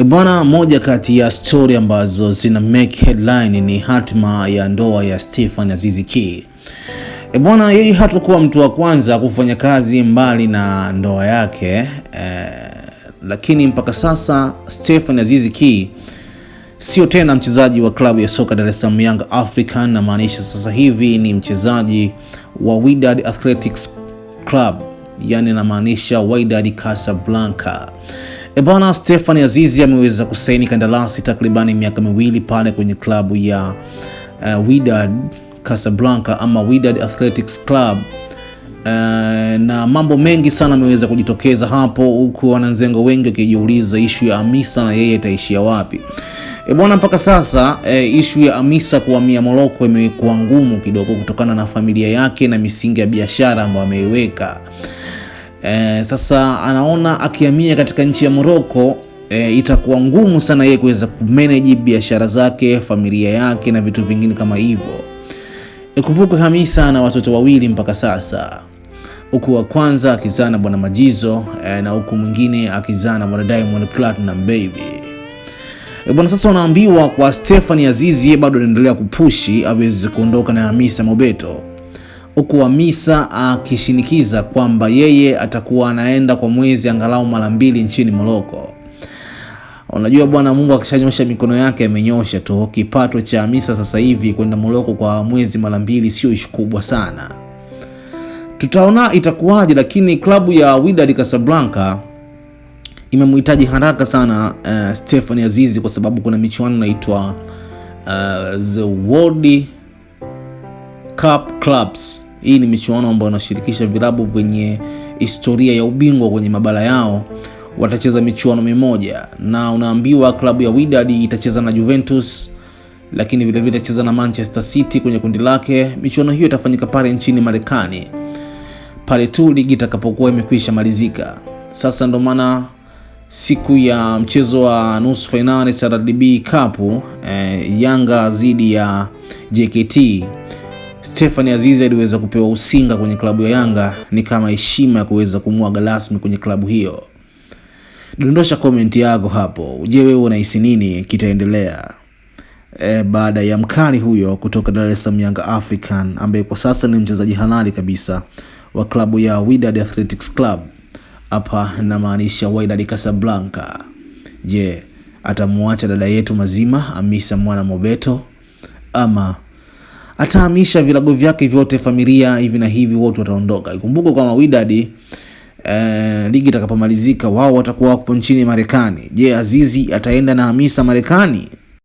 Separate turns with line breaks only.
E bwana, moja kati ya stori ambazo zina make headline ni hatima ya ndoa ya Stephanie Aziz Ki. E bwana, yeye hatakuwa mtu wa kwanza kufanya kazi mbali na ndoa yake e, lakini mpaka sasa Stephanie Aziz Ki sio tena mchezaji wa klabu ya soka Dar es Salaam Young African, na maanisha sasa hivi ni mchezaji wa Wydad Athletics Club, yani anamaanisha Wydad Casablanca. E bwana Stefan Azizi ameweza kusaini kandarasi takribani miaka miwili pale kwenye klabu ya uh, Wydad Casablanca ama Wydad Athletics Club. Uh, na mambo mengi sana ameweza kujitokeza hapo, huku wananzengo wengi wakijiuliza ishu ya amisa na yeye itaishia wapi? E bwana, mpaka sasa e, ishu ya amisa kuhamia Moroko imekuwa ngumu kidogo kutokana na familia yake na misingi ya biashara ambayo ameiweka. E, sasa anaona akihamia katika nchi ya Morocco e, itakuwa ngumu sana yeye kuweza kumanage biashara zake, familia yake na vitu vingine kama hivyo. Ikumbuke Hamisa ana watoto wawili mpaka sasa, huku wa kwanza akizaa na bwana Majizo e, na huku mwingine akizaa na bwana Diamond Platinum Baby. E, bwana sasa unaambiwa kwa Stephanie Azizi bado anaendelea kupushi aweze kuondoka na Hamisa Mobeto huku Hamisa akishinikiza kwamba yeye atakuwa anaenda kwa mwezi angalau mara mbili nchini Moroko. Unajua bwana, Mungu akishanyosha mikono yake amenyosha tu. Kipato cha Hamisa sasa hivi kwenda Moroko kwa mwezi mara mbili sio ishu kubwa sana, tutaona itakuwaje, lakini klabu ya Wydad Casablanca imemhitaji haraka sana uh, eh, Stephane Azizi kwa sababu kuna michuano inaitwa uh, the World Cup Clubs hii ni michuano ambayo inashirikisha vilabu vyenye historia ya ubingwa kwenye mabara yao, watacheza michuano mimoja, na unaambiwa klabu ya Wydad itacheza na Juventus, lakini vile vile itacheza na Manchester City kwenye kundi lake. Michuano hiyo itafanyika pale nchini Marekani pale tu ligi itakapokuwa imekwisha malizika. Sasa ndo maana siku ya mchezo wa nusu fainali CRDB Cup eh, Yanga dhidi ya JKT Stephanie Azizi aliweza kupewa usinga kwenye klabu ya Yanga ni kama heshima ya kuweza kumwaga rasmi kwenye klabu hiyo. Dondosha komenti yako hapo. Je, wewe unahisi nini kitaendelea e, baada ya mkali huyo kutoka Dar es Salaam Yanga African ambaye kwa sasa ni mchezaji halali kabisa wa klabu ya Wydad Athletics Club hapa namaanisha Wydad Casablanca. Je, atamwacha dada yetu mazima Amisa Mwana Mobeto ama atahamisha vilago vyake vyote, familia hivi na hivi, wote wataondoka. Ikumbuke kwamba Wydad eh, ligi itakapomalizika wao watakuwa wapo nchini Marekani. Je, Azizi ataenda na Hamisa Marekani?